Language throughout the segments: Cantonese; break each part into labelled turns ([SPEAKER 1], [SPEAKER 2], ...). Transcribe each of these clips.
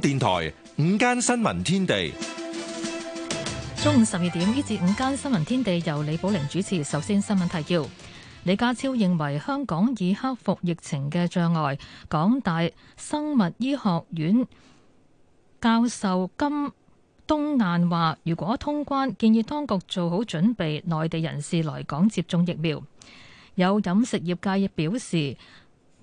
[SPEAKER 1] 電台五間新聞天地，
[SPEAKER 2] 中午十二點，呢節五間新聞天地由李寶玲主持。首先新聞提要：李家超認為香港已克服疫情嘅障礙。港大生物醫學院教授金冬雁話：如果通關，建議當局做好準備，內地人士來港接種疫苗。有飲食業界亦表示。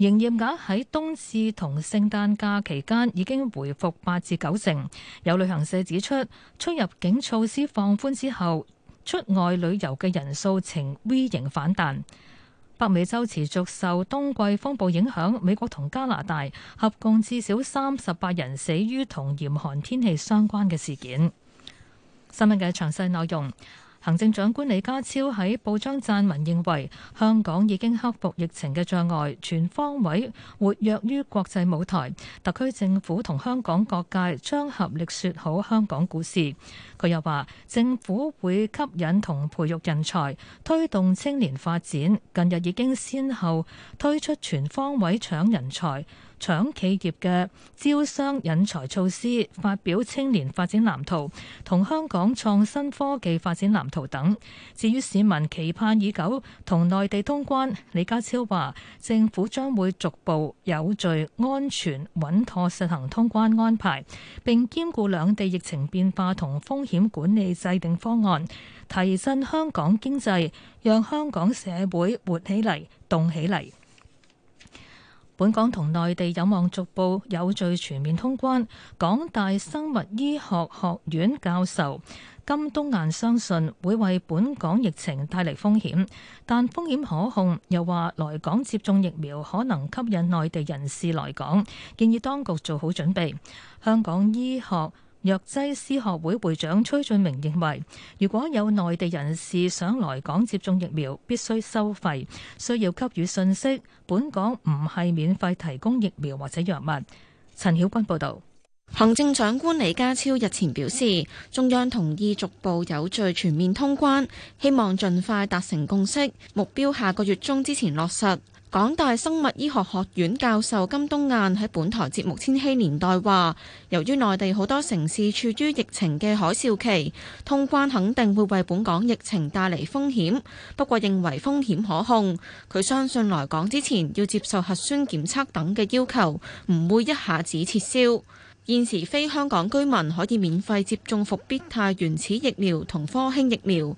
[SPEAKER 2] 營業額喺冬至同聖誕假期間已經回復八至九成。有旅行社指出，出入境措施放寬之後，出外旅遊嘅人數呈 V 型反彈。北美洲持續受冬季風暴影響，美國同加拿大合共至少三十八人死於同嚴寒天氣相關嘅事件。新聞嘅詳細內容。行政長官李家超喺報章撰文，認為香港已經克服疫情嘅障礙，全方位活躍於國際舞台。特區政府同香港各界將合力説好香港故事。佢又話，政府會吸引同培育人才，推動青年發展。近日已經先後推出全方位搶人才。搶企業嘅招商引才措施，發表青年發展藍圖，同香港創新科技發展藍圖等。至於市民期盼已久同內地通關，李家超話：政府將會逐步有序、安全穩妥實行通關安排，並兼顧兩地疫情變化同風險管理，制定方案，提振香港經濟，讓香港社會活起嚟，動起嚟。本港同內地有望逐步有序全面通關。港大生物醫學學院教授金冬雁相信會為本港疫情帶嚟風險，但風險可控，又話來港接種疫苗可能吸引內地人士來港，建議當局做好準備。香港醫學藥劑師學會會長崔俊明認為，如果有內地人士想來港接種疫苗，必須收費，需要給予信息。本港唔
[SPEAKER 3] 係免費提供疫苗或者藥物。陳曉君報道。行政長官李家超日前表示，中央同意逐步有序全面通關，希望盡快達成共識，目標下個月中之前落實。港大生物醫學學院教授金冬燕喺本台節目《千禧年代》話，由於內地好多城市處於疫情嘅海嘯期，通關肯定會為本港疫情帶嚟風險，不過認為風險可控，佢相信來港之前要接受核酸檢測等嘅要求，唔會一下子撤銷，現時非香港居民可以免費接種復必泰原始疫苗同科興疫苗。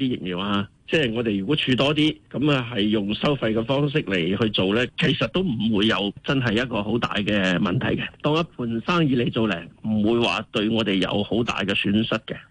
[SPEAKER 1] 啲疫苗啊，即係我哋如果儲多啲，咁啊係用收費嘅方式嚟去做咧，其實都唔會有真係一個好大嘅問題嘅，當一盤生意嚟做咧，唔會話對我哋有好大嘅損失嘅。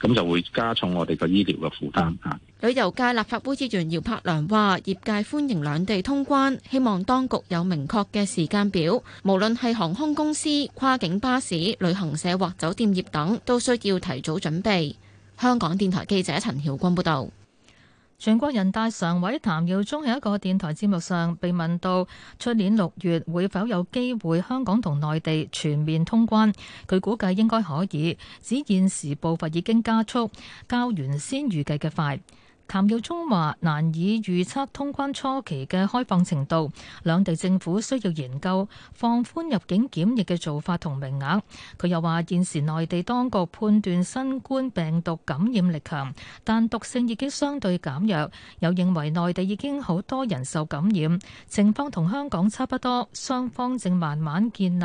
[SPEAKER 1] 咁就會加重我哋個醫療嘅負擔。
[SPEAKER 3] 旅遊界立法會議員姚柏良話：業界歡迎兩地通關，希望當局有明確嘅時間表。無論係航空公司、跨境巴士、旅行社或酒店業等，都需要提早準備。香港電台記者陳曉君報導。
[SPEAKER 2] 全國人大常委譚耀宗喺一個電台節目上被問到，出年六月會否有機會香港同內地全面通關，佢估計應該可以，指現時步伐已經加速，較原先預計嘅快。譚耀宗話難以預測通關初期嘅開放程度，兩地政府需要研究放寬入境檢疫嘅做法同名額。佢又話現時內地當局判斷新冠病毒感染力強，但毒性已經相對減弱，又認為內地已經好多人受感染，情況同香港差不多，雙方正慢慢建立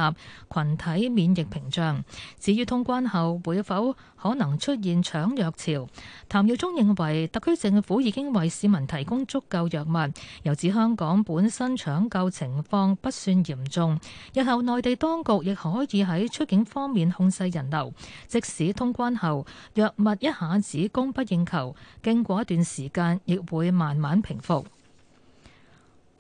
[SPEAKER 2] 群體免疫屏障。至於通關後會否可能出現搶藥潮，譚耀宗認為特區政政府已經為市民提供足夠藥物，又指香港本身搶購情況不算嚴重。日後內地當局亦可以喺出境方面控制人流，即使通關後藥物一下子供不應求，經過一段時間亦會慢慢平復。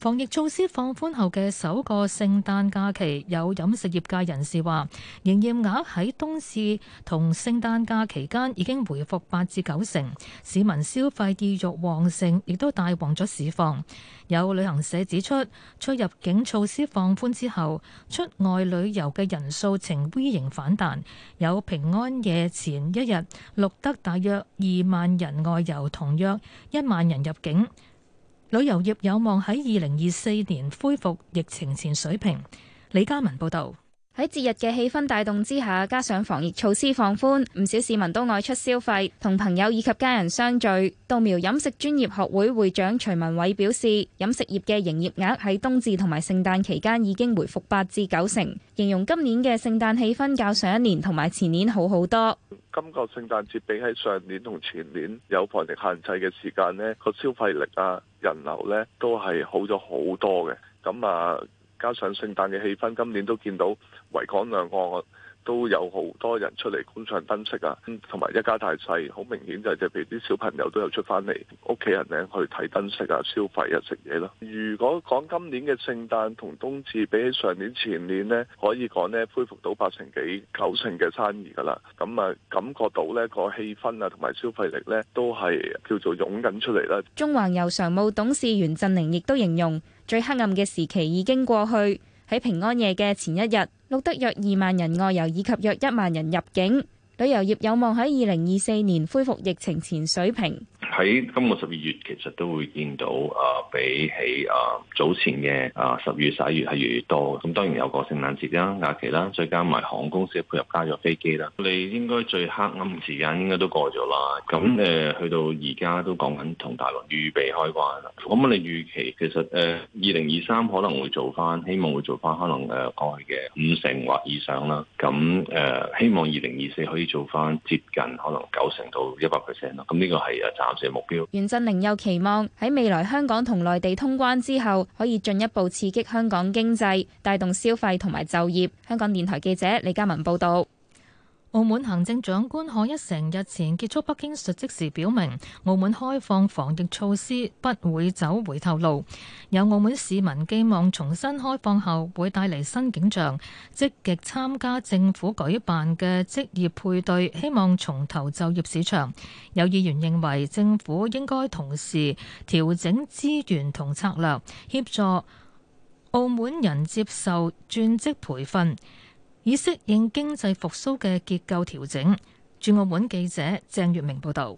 [SPEAKER 2] 防疫措施放寬後嘅首個聖誕假期，有飲食業界人士話，營業額喺冬至同聖誕假期間已經回復八至九成，市民消費意欲旺盛，亦都大旺咗市況。有旅行社指出，出入境措施放寬之後，出外旅遊嘅人數呈 V 型反彈。有平安夜前一日錄得大約二萬人外遊，同約一萬人入境。旅遊業有望喺二零二四年恢復疫情前水平。李嘉文報導。
[SPEAKER 3] 喺節日嘅氣氛帶動之下，加上防疫措施放寬，唔少市民都外出消費，同朋友以及家人相聚。稻苗飲食專業學會會長徐文偉表示，飲食業嘅營業額喺冬至同埋聖誕期間已經回復八至九成，形容今年嘅聖誕氣氛較上一年同埋前年好好多。
[SPEAKER 1] 今個聖誕節比喺上年同前年有防疫限制嘅時間呢、呢個消費力啊人流呢都係好咗好多嘅。咁啊。加上聖誕嘅氣氛，今年都見到維港兩岸都有好多人出嚟觀賞燈飾啊，同埋一家大細，好明顯就係譬如啲小朋友都有出翻嚟屋企人咧去睇燈飾啊、消費啊、食嘢咯。如果
[SPEAKER 2] 講今年嘅聖誕同冬至，比起上年前年呢，可以講呢恢復到八成幾、九成嘅生意噶啦。咁啊，感覺到呢個氣氛啊，同埋消費力呢，都係叫做湧緊出嚟
[SPEAKER 1] 啦。
[SPEAKER 3] 中環油常務董事袁振寧亦都形容。最黑暗嘅時期已經過去，喺平安夜嘅前一日，錄得約二萬人外遊以及約一萬人入境，旅遊業有望喺二零二四年恢復疫情前水平。
[SPEAKER 1] 喺今個十二月其實都會見到，啊，比起啊早前嘅啊十月十一月係越嚟越多。咁當然有個聖誕節啦，假期啦，再加埋航空公司配合加咗飛機啦。你應該最黑暗時間應該都過咗啦。咁誒、呃、去到而家都講緊同大陸預備開關啦。咁我哋預期其實誒二零二三可能會做翻，希望會做翻可能誒過去嘅五成或以上啦。咁誒、呃、希望二零二四可以做翻接近可能九成到一百 percent 咯。咁呢個係誒、啊
[SPEAKER 3] 袁振寧又期望，喺未來香港同內地通關之後，可以進一步刺激香港經濟，帶動消費同埋就業。香港電台記者李嘉文報道。澳門
[SPEAKER 2] 行政長官賀一誠日前結束北京述職時，表明澳門開放防疫措施不會走回頭路。有澳門市民寄望重新開放後會帶嚟新景象，積極參加政府舉辦嘅職業配對，希望重投就業市場。有議員認為政府應該同時調整資源同策略，協助澳門人接受轉職培訓，以適應經濟復甦嘅結構調整。駐澳門記者鄭月明報道：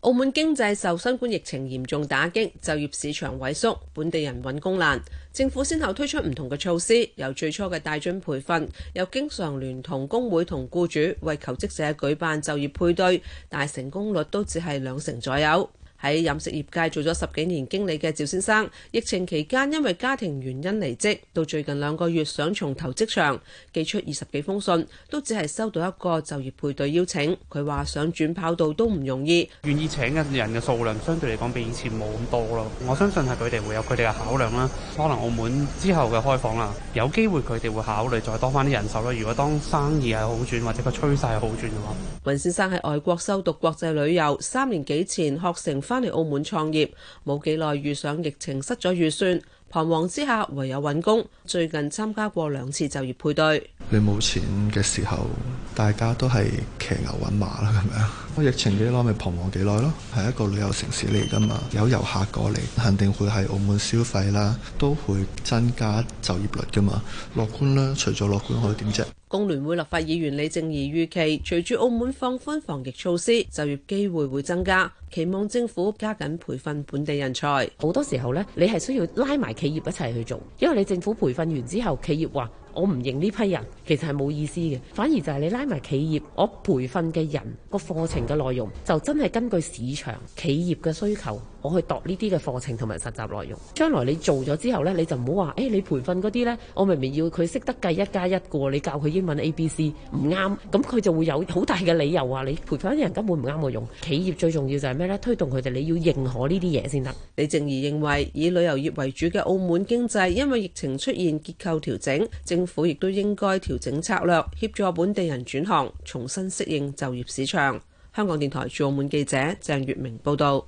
[SPEAKER 2] 澳門經濟受新冠疫情嚴
[SPEAKER 4] 重打擊，就業市場萎縮，本地人揾工難。政府先後推出唔同嘅措施，由最初嘅帶津培訓，又經常聯同工會同僱主為求職者舉辦就業配對，但成功率都只係兩成左右。喺飲食業界做咗十幾年經理嘅趙先生，疫情期間因為家庭原因離職，到最近兩個月想重投職場，寄出二十幾封信，都只係收到一個就業配對邀請。佢話想轉跑道都唔容易，願意請嘅人嘅數量相對嚟講比以前冇咁多咯。我相信係佢哋會有佢哋嘅考量啦。可能澳門之後嘅開放啦，有機會佢哋會考慮再多翻啲人手咯。如果當生意係好轉或者個趨勢係好轉嘅話。雲先生喺外國修讀國際旅遊三年幾前學成返嚟澳門創業冇幾耐，遇上疫情失咗預算，彷徨之下唯有揾工。最近參加過兩次就業配對，
[SPEAKER 1] 你冇錢嘅時候，大家都係騎牛揾馬啦，咁樣。疫情幾耐咪彷徨幾耐咯，係一個旅遊城市嚟噶嘛，有遊客過嚟肯定會喺澳門消費啦，都會增加就業率噶嘛，樂觀啦，除咗樂觀可以點啫？
[SPEAKER 4] 工聯會立法議員李靜儀預期，隨住澳門放寬防疫措施，就業機會會增加，期望政府加緊培訓本地人才。好多時候呢，你係需要拉埋企業一齊去做，因為你政府培訓完之後，企業話，我唔認呢批人，其實係冇意思嘅。反而就係你拉埋企業，我培訓嘅人個課程嘅內容就真係根據市場企業嘅需求。我去度呢啲嘅課程同埋實習內容。將來你做咗之後呢，你就唔好話誒，你培訓嗰啲呢，我明明要佢識得計一加一嘅，你教佢英文 A B C 唔啱，咁佢就會有好大嘅理由話你培訓啲人根本唔啱我用。企業最重要就係咩呢？推動佢哋你要認可呢啲嘢先得。李靜儀認為，以旅遊業為主嘅澳門經濟，因為疫情出現結構調整，政府亦都應該調整策略，協助本地人轉行，重新適應就業市場。香港電台駐澳門記者鄭月明報導。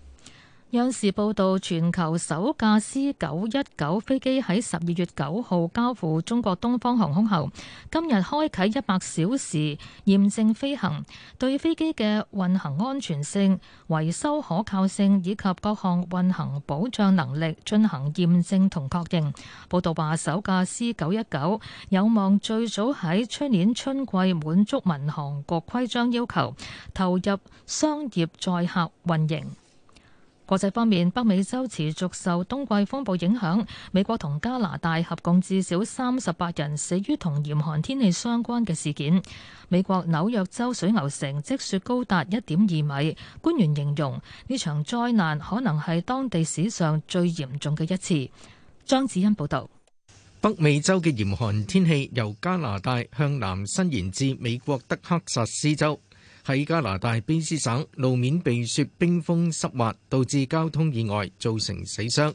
[SPEAKER 2] 央視報道，全球首架 C 九一九飛機喺十二月九號交付中國東方航空後，今日開啟一百小時驗證飛行，對飛機嘅運行安全性、維修可靠性以及各項運行保障能力進行驗證同確認。報道話，首架 C 九一九有望最早喺出年春季滿足民航國規章要求，投入商業載客運營。國際方面，北美洲持續受冬季風暴影響，美國同加拿大合共至少三十八人死於同嚴寒天氣相關嘅事件。美國紐約州水牛城積雪高達一點二米，官員形容呢場災難可能係當地史上最嚴重嘅一次。張子欣報道，
[SPEAKER 1] 北美洲嘅嚴寒天氣由加拿大向南伸延至美國德克薩斯州。喺加拿大卑詩省路面被雪冰封濕滑，導致交通意外造成死傷。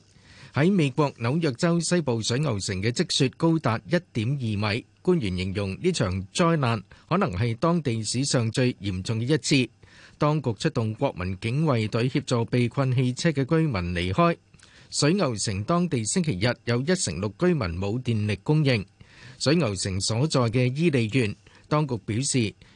[SPEAKER 1] 喺美國紐約州西部水牛城嘅積雪高達一點二米，官員形容呢場災難可能係當地史上最嚴重嘅一次。當局出動國民警衛隊協助被困汽車嘅居民離開。水牛城當地星期日有一成六居民冇電力供應。水牛城所在嘅伊利縣當局表示，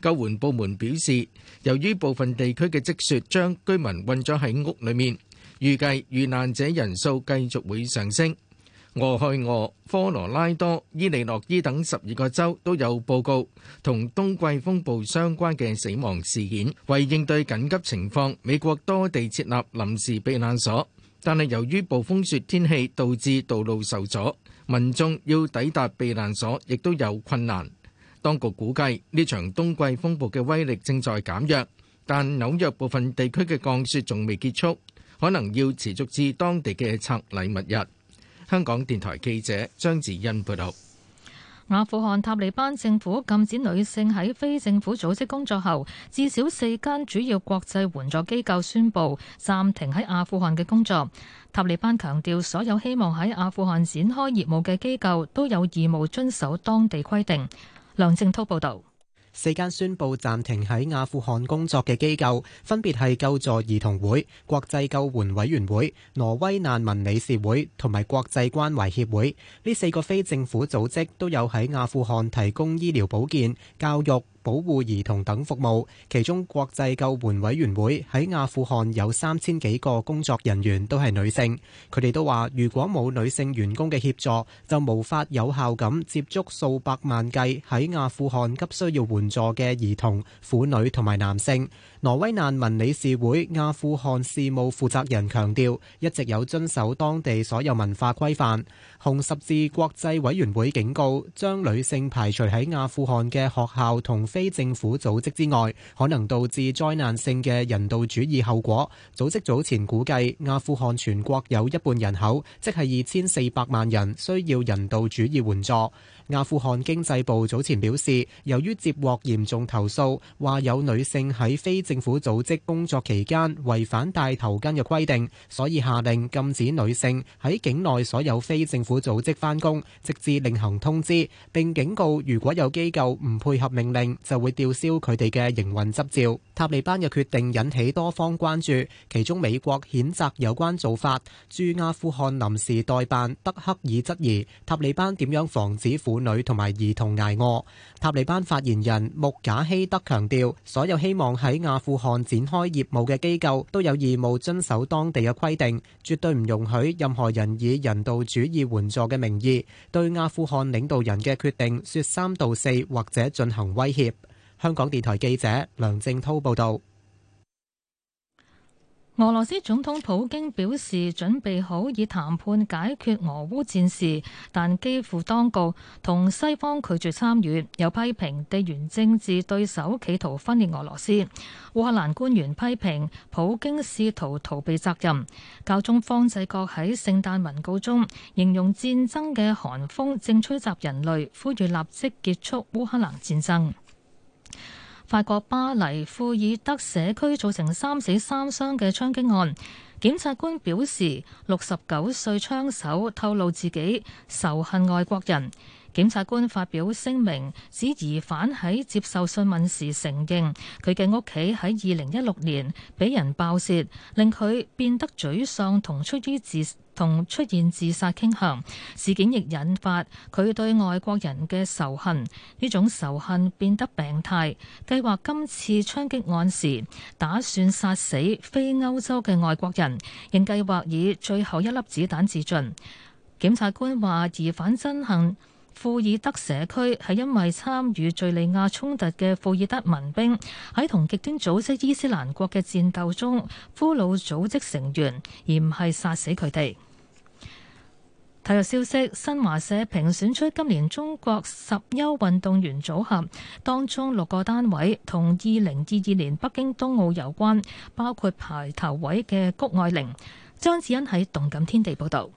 [SPEAKER 1] 救援部門表示，由於部分地區嘅積雪將居民困咗喺屋裏面，預計遇難者人數繼續會上升。俄亥俄、科羅拉多、伊利諾伊等十二個州都有報告同冬季風暴相關嘅死亡事件。為應對緊急情況，美國多地設立臨時避難所，但係由於暴風雪天氣導致道路受阻，民眾要抵達避難所亦都有困難。當局估計呢場冬季風暴嘅威力正在減弱，但紐約部分地區嘅降雪仲未結束，可能要持續至當地嘅拆禮物日。香港電台記者張智欣報道。
[SPEAKER 2] 阿富汗塔利班政府禁止女性喺非政府組織工作後，至少四間主要國際援助機構宣布暫停喺阿富汗嘅工作。塔利班強調，所有希望喺阿富汗展開業務嘅機構都有義務遵守當地規定。梁正濤報道，
[SPEAKER 5] 四間宣布暫停喺阿富汗工作嘅機構，分別係救助兒童會、國際救援委員會、挪威難民理事會同埋國際關懷協會。呢四個非政府組織都有喺阿富汗提供醫療保健、教育。保護兒童等服務，其中國際救援委員會喺阿富汗有三千幾個工作人員都係女性。佢哋都話，如果冇女性員工嘅協助，就無法有效咁接觸數百萬計喺阿富汗急需要援助嘅兒童、婦女同埋男性。挪威難民理事會阿富汗事務負責人強調，一直有遵守當地所有文化規範。紅十字國際委員會警告，將女性排除喺阿富汗嘅學校同非政府組織之外，可能導致災難性嘅人道主義後果。組織早前估計，阿富汗全國有一半人口，即係二千四百萬人，需要人道主義援助。阿富汗經濟部早前表示，由於接獲嚴重投訴，話有女性喺非政府組織工作期間違反戴頭巾嘅規定，所以下令禁止女性喺境內所有非政府組織返工，直至另行通知。並警告，如果有機構唔配合命令，就會吊銷佢哋嘅營運執照。塔利班嘅決定引起多方關注，其中美國譴責有關做法。駐阿富汗臨時代辦德克爾質疑塔利班點樣防止婦女同埋兒童捱餓。塔利班發言人穆賈希德強調，所有希望喺阿富汗展開業務嘅機構都有義務遵守當地嘅規定，絕對唔容許任何人以人道主義援助嘅名義對阿富汗領導人嘅決定說三道四，或者進行威脅。香港電台記者梁正滔報道。
[SPEAKER 2] 俄羅斯總統普京表示準備好以談判解決俄烏戰事，但基輔當局同西方拒絕參與，又批評地緣政治對手企圖分裂俄羅斯。烏克蘭官員批評普京試圖逃避責任。教宗方濟各喺聖誕文告中形容戰爭嘅寒風正吹襲人類，呼籲立即結束烏克蘭戰爭。法國巴黎庫爾德社區造成三死三傷嘅槍擊案，檢察官表示，六十九歲槍手透露自己仇恨外國人。檢察官發表聲明指，疑犯喺接受訊問時承認，佢嘅屋企喺二零一六年俾人爆竊，令佢變得沮喪同出於自同出現自殺傾向，事件亦引發佢對外國人嘅仇恨。呢種仇恨變得病態。計劃今次槍擊案時，打算殺死非歐洲嘅外國人，仍計劃以最後一粒子彈自盡。檢察官話：疑犯憎恨庫爾德社區，係因為參與敍利亞衝突嘅庫爾德民兵喺同極端組織伊斯蘭國嘅戰鬥中俘虜組織成員，而唔係殺死佢哋。體育消息，新華社評選出今年中國十優運動員組合，當中六個單位同二零二二年北京冬奧有關，包括排頭位嘅谷愛凌、張子欣喺動感天地報道。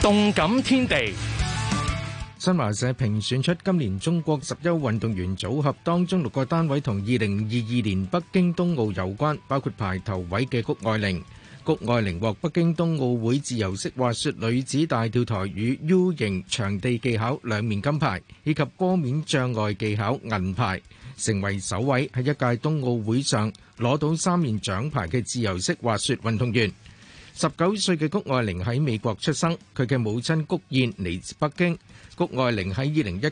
[SPEAKER 3] 動
[SPEAKER 1] 感天地。新華社評選出今年中國十優運動員組合，當中六個單位同二零二二年北京冬奧有關，包括排頭位嘅谷愛凌。谷愛凌獲北京冬奧會自由式滑雪女子大跳台與 U 型場地技巧兩面金牌，以及坡面障礙技巧銀牌，成為首位喺一屆冬奧會上攞到三面獎牌嘅自由式滑雪運動員。十九歲嘅谷愛凌喺美國出生，佢嘅母親谷燕嚟自北京。谷愛玲喺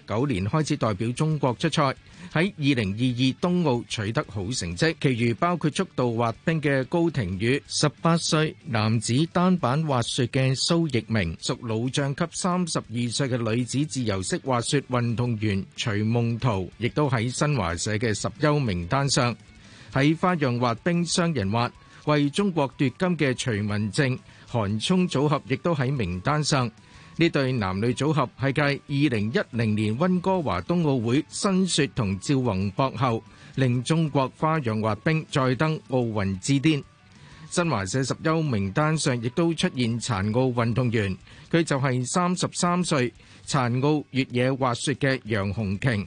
[SPEAKER 1] 2019年開始代表中國出賽，喺2022冬奧取得好成績。其餘包括速度滑冰嘅高亭宇，十八歲男子單板滑雪嘅蘇翊鳴，屬老將級三十二歲嘅女子自由式滑雪運動員徐夢桃，亦都喺新華社嘅十優名單上。喺花樣滑冰雙人滑為中國奪金嘅徐文靜、韓聰組合，亦都喺名單上。呢對男女組合係繼二零一零年溫哥華冬奧會申雪同趙宏博後，令中國花樣滑冰再登奧運之巔。新華社十優名單上亦都出現殘奧運動員，佢就係三十三歲殘奧越野滑雪嘅楊洪瓊。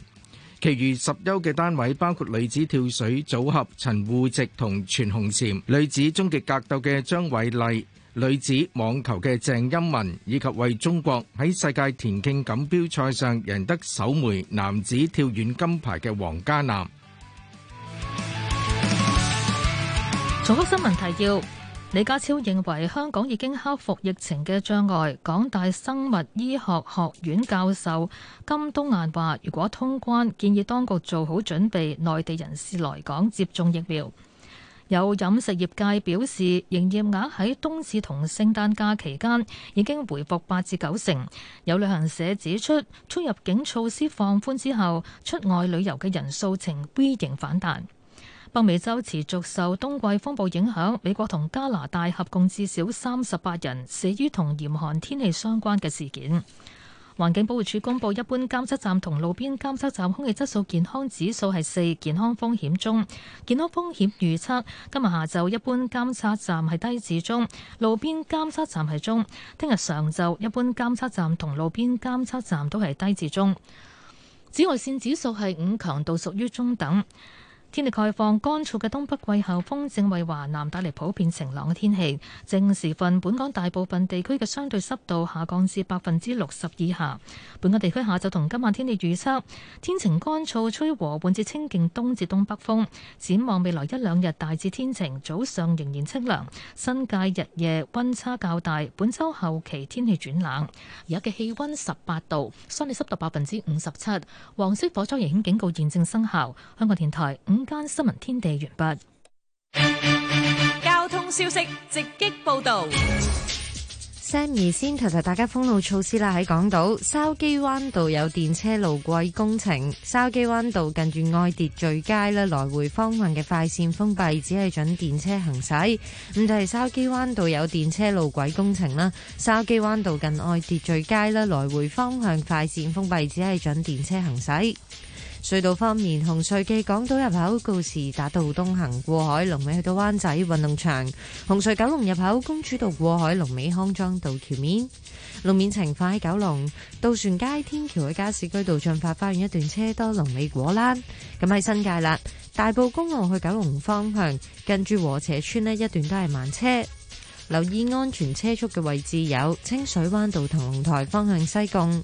[SPEAKER 1] 其餘十優嘅單位包括女子跳水組合陳芋汐同全紅嬋，女子終極格鬥嘅張偉麗。女子網球嘅鄭欽文，以及為中國喺世界田徑錦標賽上贏得首枚男子跳遠金牌嘅王嘉男。
[SPEAKER 2] 重複新聞提要：李家超認為香港已經克服疫情嘅障礙。港大生物醫學學院教授金冬雁話：如果通關，建議當局做好準備，內地人士來港接種疫苗。有飲食業界表示，營業額喺冬至同聖誕假期間已經回復八至九成。有旅行社指出，出入境措施放寬之後，出外旅遊嘅人數呈 V 型反彈。北美洲持續受冬季風暴影響，美國同加拿大合共至少三十八人死於同嚴寒天氣相關嘅事件。環境保護署公布，一般監測站同路邊監測站空氣質素健康指數係四，健康風險中。健康風險預測今日下晝一般監測站係低至中，路邊監測站係中。聽日上晝一般監測站同路邊監測站都係低至中。紫外線指數係五，強度屬於中等。天氣概況，乾燥嘅東北季候風正為華南帶嚟普遍晴朗嘅天氣。正時分，本港大部分地區嘅相對濕度下降至百分之六十以下。本港地區下晝同今晚天氣預測：天晴乾燥，吹和緩至清勁東至東北風。展望未來一兩日大致天晴，早上仍然清涼，新界日夜温差較大。本週後期天氣轉冷。而家嘅氣温十八度，相對濕度百分之五十七。黃色火災危險警告現正生效。香港電台五間新聞天地完畢。交通消息直擊報道。
[SPEAKER 6] Sammy 先提提大家封路措施啦。喺港島筲箕灣道有電車路軌工程，筲箕灣道近住愛秩序街呢來回方向嘅快綫封閉，只係准電車行駛。咁就係筲箕灣道有電車路軌工程啦，筲箕灣道近愛秩序街呢來回方向快綫封閉，只係准電車行駛。隧道方面，紅隧嘅港島入口告士打道東行過海，龍尾去到灣仔運動場；紅隧九龍入口公主道過海，龍尾康莊道橋面。路面情況喺九龍渡船街天橋喺加士居道進發花園一段車多龍，龍尾果欄。咁喺新界啦，大埔公路去九龍方向，近住和斜村呢一段都係慢車。留意安全車速嘅位置有清水灣道同龍台方向西貢。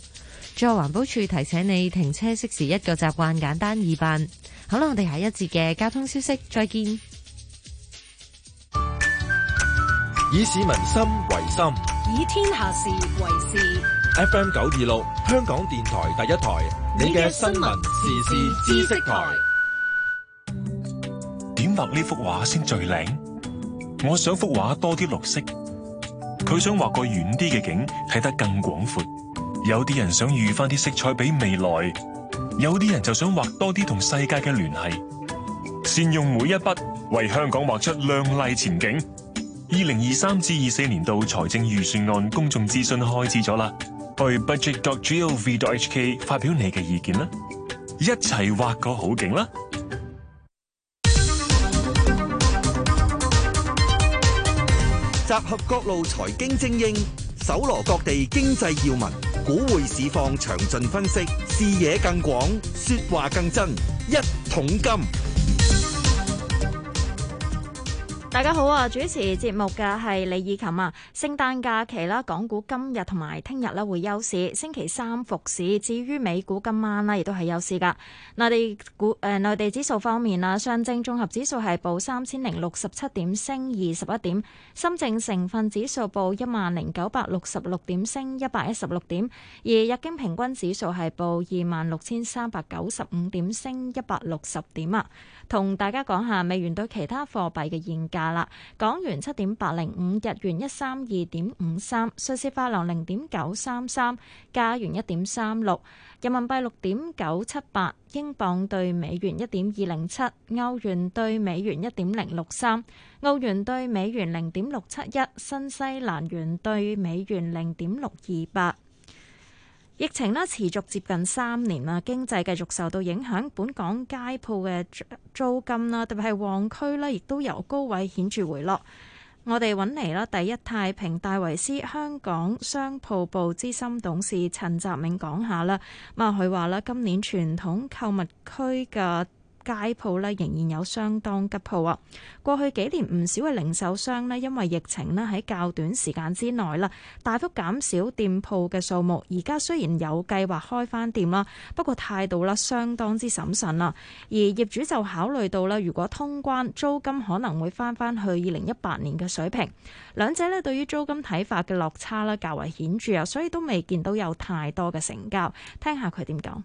[SPEAKER 6] 在環保署提醒你停車熄匙一個習慣簡單易辦，好啦，我哋下一節嘅交通消息再見。
[SPEAKER 1] 以市民心為心，
[SPEAKER 2] 以天下事為事。
[SPEAKER 1] F M 九二六香港電台第一台，你嘅新聞時事知
[SPEAKER 5] 識台。點畫呢幅畫先最靚？我想幅畫多啲綠色，佢想畫個遠啲嘅景，睇得更廣闊。有啲人想預返啲色彩俾未來，有啲人就想畫多啲同世界嘅聯繫，善用每一筆為香港畫出亮麗前景。二零二三至二四年度財政預算案公眾諮詢開始咗啦，去 budget.gov.hk 發表你嘅意見啦，一齊畫個好景啦！
[SPEAKER 1] 集合各路財經精英，搜羅各地經濟要聞。股匯市況詳盡分析，視野更廣，說話更真，一桶金。
[SPEAKER 7] 大家好啊！主持節目嘅係李以琴啊。聖誕假期啦，港股今日同埋聽日呢會休市，星期三復市。至於美股今晚呢亦都係休市噶。內地股誒，呃、內地指數方面啊，上證綜合指數係報三千零六十七點，升二十一點；深證成分指數報一萬零九百六十六點，升一百一十六點；而日經平均指數係報二萬六千三百九十五點，升一百六十點啊。同大家講下美元對其他貨幣嘅現價啦。港元七點八零五，日元一三二點五三，瑞士法郎零點九三三，加元一點三六，人民幣六點九七八，英鎊對美元一點二零七，歐元對美元一點零六三，澳元對美元零點六七一，新西蘭元對美元零點六二八。疫情咧持續接近三年啦，經濟繼續受到影響，本港街鋪嘅租金啦，特別係旺區咧，亦都由高位顯著回落。我哋揾嚟啦，第一太平戴維斯香港商鋪部資深董事陳澤明講下啦。咁啊，佢話啦，今年傳統購物區嘅街鋪咧仍然有相當急鋪啊！過去幾年唔少嘅零售商咧，因為疫情咧喺較短時間之內啦，大幅減少店鋪嘅數目。而家雖然有計劃開返店啦，不過態度啦相當之審慎啊。而業主就考慮到啦，如果通關，租金可能會返返去二零一八年嘅水平。兩者咧對於租金睇法嘅落差咧較為顯著啊，所以都未見到有太多嘅成交。聽下佢點講。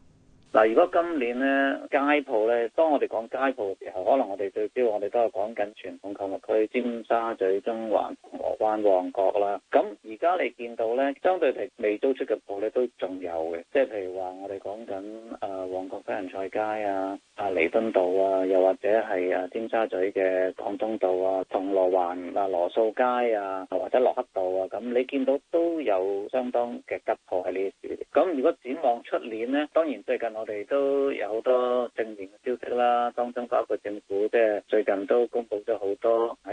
[SPEAKER 8] 嗱，如果今年咧街鋪咧，當我哋講街鋪嘅時候，可能我哋最主要，我哋都係講緊傳統購物區，尖沙咀、中環、銅鑼灣、旺角啦。咁而家你見到咧，相對嚟未租出嘅鋪咧都仲有嘅，即係譬如話我哋講緊誒旺角西洋菜街啊。啊，彌敦道啊，又或者係啊，尖沙咀嘅廣東道啊，銅鑼灣啊，羅素街啊，或者洛克道啊，咁你見到都有相當嘅急挫喺呢啲市。咁如果展望出年呢，當然最近我哋都有好多正面嘅消息啦，當中包括政府即係最近都公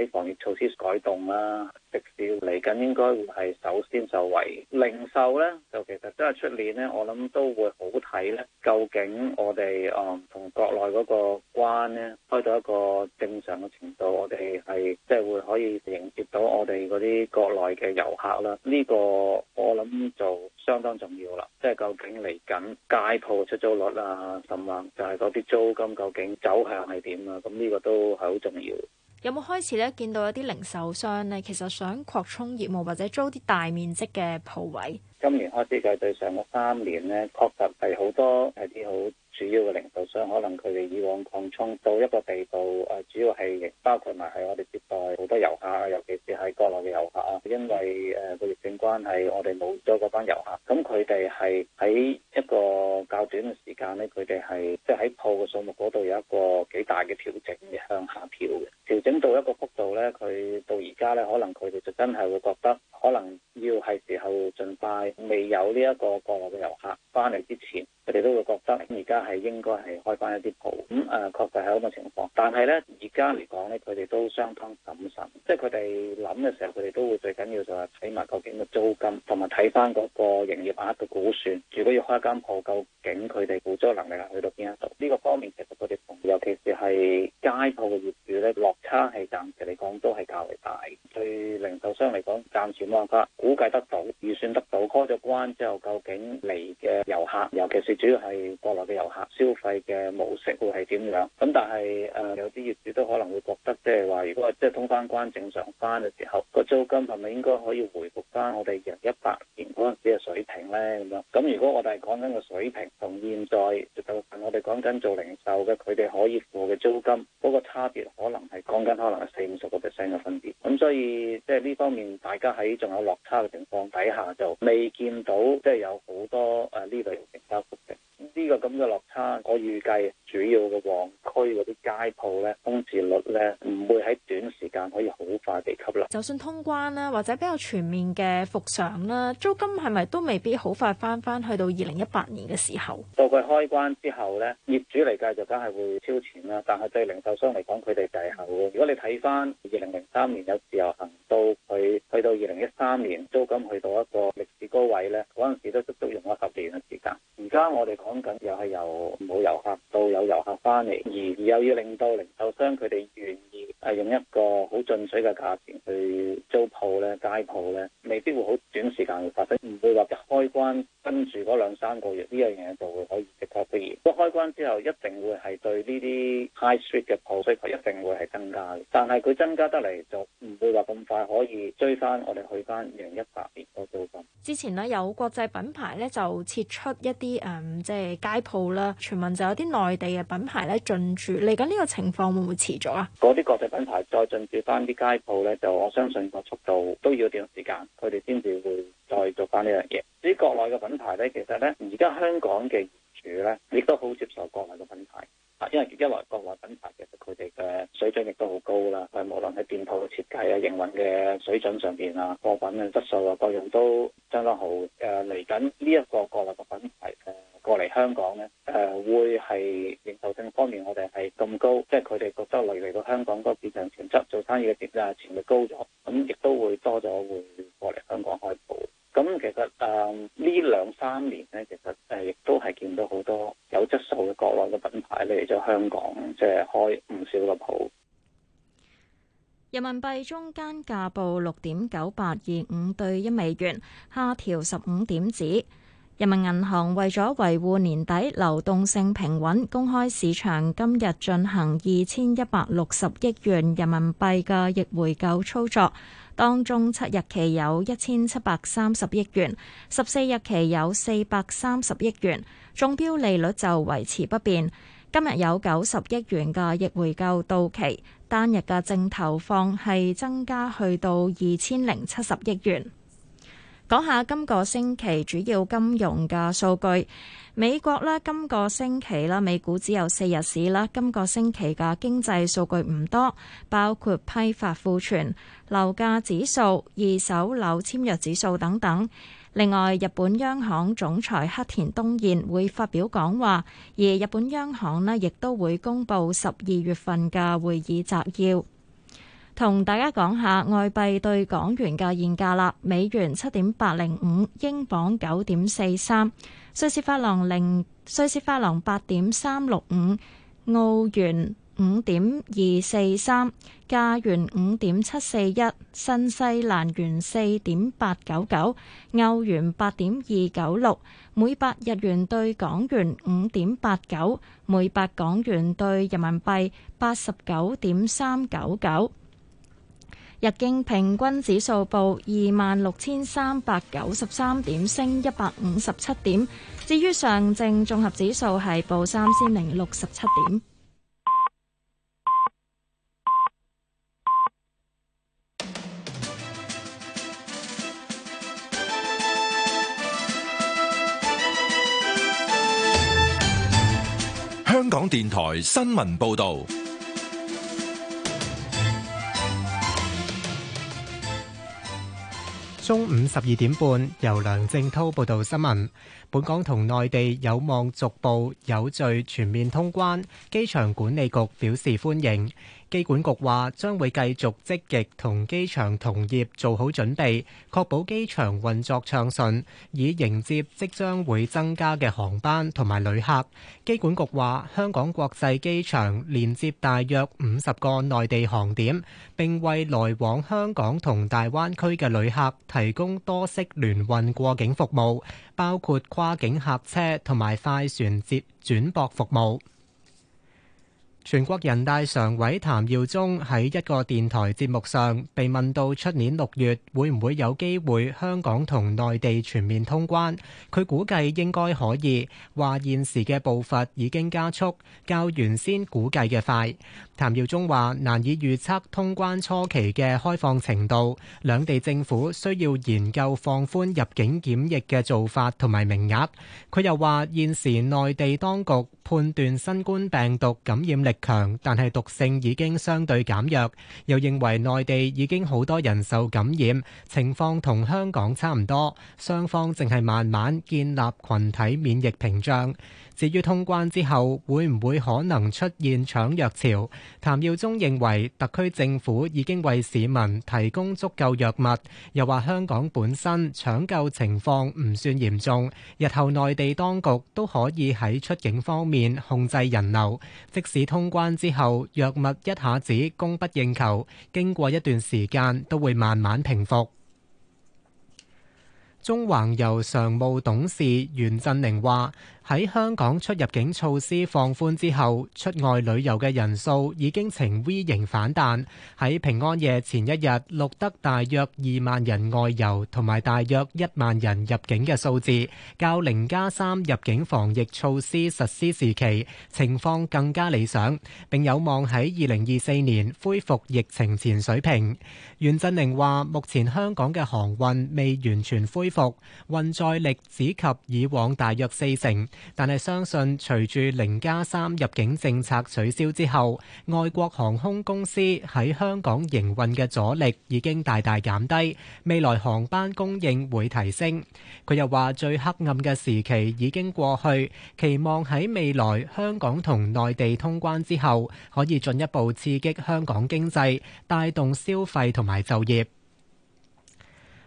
[SPEAKER 8] 防疫措施改動啦，食肆嚟緊應該會係首先受惠。零售咧就其實真係出年咧，我諗都會好睇咧。究竟我哋誒同國內嗰個關咧開到一個正常嘅程度，我哋係即係會可以迎接到我哋嗰啲國內嘅遊客啦。呢、這個我諗就相當重要啦。即係究竟嚟緊街鋪出租率啊，甚至就係嗰啲租金究竟走向係點啊？咁、這、呢個都係好重要。
[SPEAKER 7] 有冇開始咧？見到有啲零售商咧，其實想擴充業務或者租啲大面積嘅鋪位。
[SPEAKER 8] 今年開始計，對上個三年呢，確實係好多係啲好主要嘅零售商，可能佢哋以往擴充到一個地步。誒、呃，主要係包括埋係我哋接待好多遊客啊，尤其是係國內嘅遊客啊。因為誒個疫情關係，我哋冇咗嗰班遊客。佢哋可以付嘅租金，嗰個差別可能係講緊可能係四五十個 percent 嘅分別，咁所以即係呢方面，大家喺仲有落差嘅情況底下，就未見到即係有好多誒呢類型交嘅呢個咁嘅落差，我預計主要嘅旺。區嗰啲街鋪咧，空置率咧，唔會喺短時間可以好快地吸納。就算通關
[SPEAKER 7] 啦，或者比較全面嘅復常啦，租金係咪都未必好快翻翻去到二零一八年嘅時候？
[SPEAKER 8] 到佢開關之後咧，業主嚟，計就梗係會超前啦，但係對零售商嚟講，佢哋滯後。如果你睇翻二零零三年有自由行到佢去到二零一三年，租金去到一個歷史高位咧，嗰陣時都足足用咗十年嘅時間。而家我哋講緊又係由冇遊客，有遊客翻嚟，而又要令到零售商佢哋願意係用一個好進水嘅價錢去租鋪咧、街鋪咧，未必會好短時間會發生，唔會話一開關跟住嗰兩三個月呢樣嘢就會。個開關之後一定會係對呢啲 high street 嘅鋪稅，佢一定會係增加嘅，但係佢增加得嚟就唔會話咁快可以追翻我哋去翻二零一八年嗰度。
[SPEAKER 7] 之前呢，有國際品牌咧就撤出一啲誒、嗯，即係街鋪啦，傳聞就有啲內地嘅品牌咧進駐，嚟緊呢個情況會唔會持續啊？
[SPEAKER 8] 嗰啲國際品牌再進駐翻啲街鋪咧，就我相信個速度都要一段時間，佢哋先至會再做翻呢樣嘢。至於啲國內嘅品牌咧，其實咧而家香港嘅。咧亦都好接受國內嘅品牌，啊，因為一來國內品牌其實佢哋嘅水準亦都好高啦，無論係店鋪嘅設計啊、營運嘅水準上邊啊、貨品嘅質素啊，各樣都相當好。誒、呃，嚟緊呢一個國內嘅品牌、呃、過嚟香港咧，誒、呃、會係認受性方面我哋係咁高，即係佢哋覺得嚟嚟到香港嗰個市場潛質做生意嘅潛力高咗，咁亦都會多咗會。咁其實誒呢兩三年呢，其實誒亦都係見到好多有質素嘅國內嘅品牌嚟咗香港，即係開唔少個鋪。
[SPEAKER 7] 人民幣中間價報六點九八二五對一美元，下調十五點子。人民銀行為咗維護年底流動性平穩，公開市場今日進行二千一百六十億元人民幣嘅逆回購操作，當中七日期有一千七百三十億元，十四日期有四百三十億元，中標利率就維持不變。今日有九十億元嘅逆回購到期，單日嘅淨投放係增加去到二千零七十億元。講下今個星期主要金融嘅數據。美國呢，今個星期啦，美股只有四日市啦。今個星期嘅經濟數據唔多，包括批發庫存、樓價指數、二手樓簽約指數等等。另外，日本央行總裁黑田東彥會發表講話，而日本央行呢，亦都會公布十二月份嘅會議摘要。同大家講下外幣對港元嘅現價啦。美元七點八零五，英鎊九點四三，瑞士法郎零瑞士法郎八點三六五，澳元五點二四三，加元五點七四一，新西蘭元四點八九九，歐元八點二九六，每百日元對港元五點八九，每百港元對人民幣八十九點三九九。日經平均指數報二萬六千三百九十三點，升一百五十七點。至於上證綜合指數係報三千零六十七點。
[SPEAKER 1] 香港電台新聞報道。
[SPEAKER 5] 中午十二點半，由梁正滔報道新聞。本港同內地有望逐步有序全面通關。機場管理局表示歡迎。機管局話將會繼續積極同機場同業做好準備，確保機場運作暢順，以迎接即將會增加嘅航班同埋旅客。機管局話，香港國際機場連接大約五十個內地航點，並為來往香港同大灣區嘅旅客提供多式聯運過境服務，包括跨境客車同埋快船接轉駁服務。全國人大常委譚耀宗喺一個電台節目上被問到，出年六月會唔會有機會香港同內地全面通關？佢估計應該可以，話現時嘅步伐已經加速，較原先估計嘅快。譚耀宗話難以預測通關初期嘅開放程度，兩地政府需要研究放寬入境檢疫嘅做法同埋名額。佢又話現時內地當局。判斷新冠病毒感染力強，但係毒性已經相對減弱，又認為內地已經好多人受感染，情況同香港差唔多，雙方淨係慢慢建立群體免疫屏障。至於通關之後會唔會可能出現搶藥潮？譚耀宗認為特區政府已經為市民提供足夠藥物，又話香港本身搶救情況唔算嚴重。日後內地當局都可以喺出境方面控制人流，即使通關之後藥物一下子供不應求，經過一段時間都會慢慢平復。中環由常務董事袁振寧話。喺香港出入境措施放寬之後，出外旅遊嘅人數已經呈 V 型反彈。喺平安夜前一日，錄得大約二萬人外遊同埋大約一萬人入境嘅數字，較零加三入境防疫措施實施時期情況更加理想，並有望喺二零二四年恢復疫情前水平。袁振寧話，目前香港嘅航運未完全恢復，運載力只及以往大約四成。但係相信隨，隨住零加三入境政策取消之後，外國航空公司喺香港營運嘅阻力已經大大減低，未來航班供應會提升。佢又話，最黑暗嘅時期已經過去，期望喺未來香港同內地通關之後，可以進一步刺激香港經濟，帶動消費同埋就業。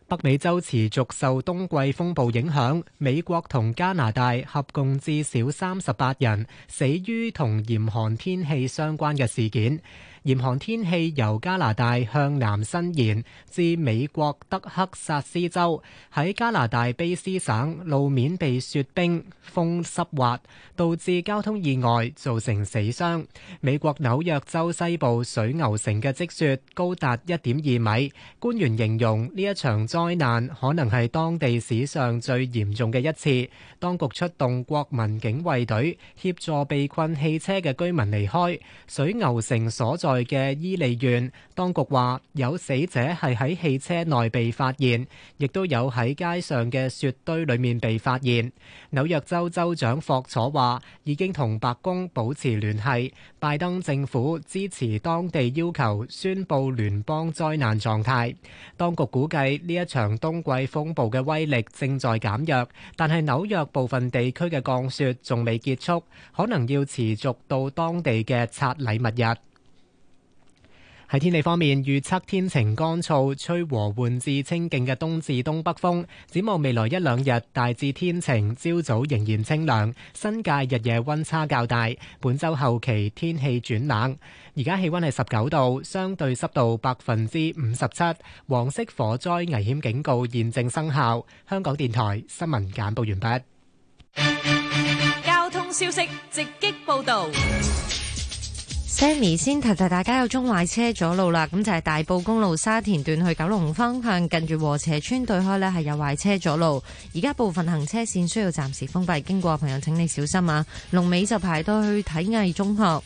[SPEAKER 5] 北美洲持續受冬季風暴影響，美國同加拿大合共至少三十八人死於同嚴寒天氣相關嘅事件。嚴寒天氣由加拿大向南伸延至美國德克薩斯州，喺加拿大卑斯省路面被雪冰封濕滑，導致交通意外造成死傷。美國紐約州西部水牛城嘅積雪高達一點二米，官員形容呢一場災難可能係當地史上最嚴重嘅一次。當局出動國民警衛隊協助被困汽車嘅居民離開水牛城所在。內嘅伊利縣當局話，有死者係喺汽車內被發現，亦都有喺街上嘅雪堆裏面被發現。紐約州州長霍楚話，已經同白宮保持聯繫，拜登政府支持當地要求宣布聯邦災難狀態。當局估計呢一場冬季風暴嘅威力正在減弱，但係紐約部分地區嘅降雪仲未結束，可能要持續到當地嘅拆禮物日。喺天氣方面，預測天晴乾燥，吹和緩至清勁嘅東至東北風。展望未來一兩日，大致天晴，朝早仍然清涼，新界日夜溫差較大。本周後期天氣轉冷。而家氣溫係十九度，相對濕度百分之五十七，黃色火災危險警告現正生效。香港電台新聞簡報完
[SPEAKER 6] 畢。
[SPEAKER 2] 交通消息直擊報道。
[SPEAKER 6] Sammy 先提提大家，有中壞車阻路啦。咁就係、是、大埔公路沙田段去九龍方向近，近住禾輋村對開呢係有壞車阻路，而家部分行車線需要暫時封閉，經過嘅朋友請你小心啊。龍尾就排到去體藝中學。